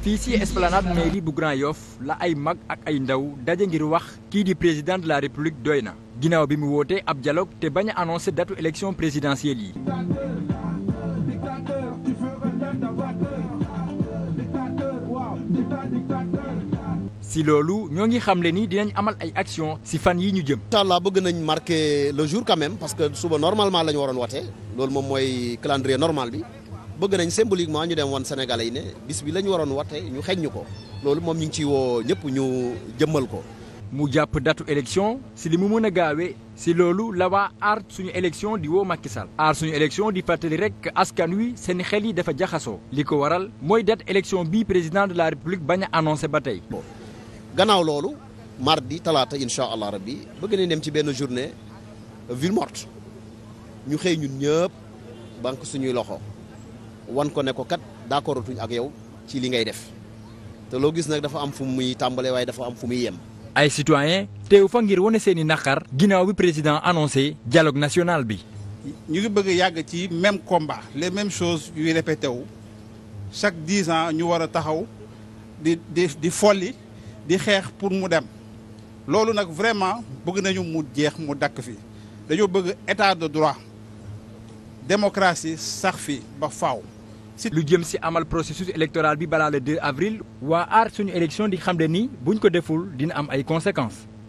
fii ci esplanade mairie bu Grand Yoff la ay mag ak ay ndaw daje ngir wax kii di président de la république doy na ginnaaw bi mu wootee ab dialogue te bañ a annoncé datu élection présidentielle yi. si loolu ñoo ngi xamle ni dinañ amal ay action si fan yi ñu jëm. incha bëgg nañ marqué le jour quand parce que suba normalement la ñu waroon woote loolu moom mooy calendrier normal bi. bëgg nañ symboliquement ñu dem wan Sénégalais yi ne bis bi la ñu waroon wate ñu xeñ ñu ko loolu moom ñu ngi ciy woo ñëpp ñu jëmmal ko. mu jàpp datu élection si li mu mën a gaawee si loolu la waa aar suñu élection di woo Macky Sall aar suñu élection di fàttali rek askan wi seen xel yi dafa jaxasoo. li ko waral mooy date élection bii président de la république bañ a annoncé ba tey. gannaaw loolu mardi talaata incha allah rabbi bëgg nañ dem ci benn journée ville morte ñu xëy ñun ñëpp banque suñuy loxo. wan ko ne ko kat d'accord tuñ ak yow ci li ngay def te loo gis nag dafa am fu muy tàmbale waaye dafa am fu muy yem. ay citoyens teew fa ngir wane seeni naqar ginnaaw bi président annoncé dialogue national bi. ñu ngi bëgg a yàgg ci même combat les mêmes choses yuy répété chaque dix ans ñu war a taxaw di di di folli di xeex pour mu dem loolu nag vraiment bëgg nañu mu jeex mu dakk fi dañoo bëgg état de droit démocratie sax fi ba faw si lu jëm si amal processus électoral bi balaa la 2 avril waa aar suñu élection di xam ne bu buñ ko deful dina am ay conséquences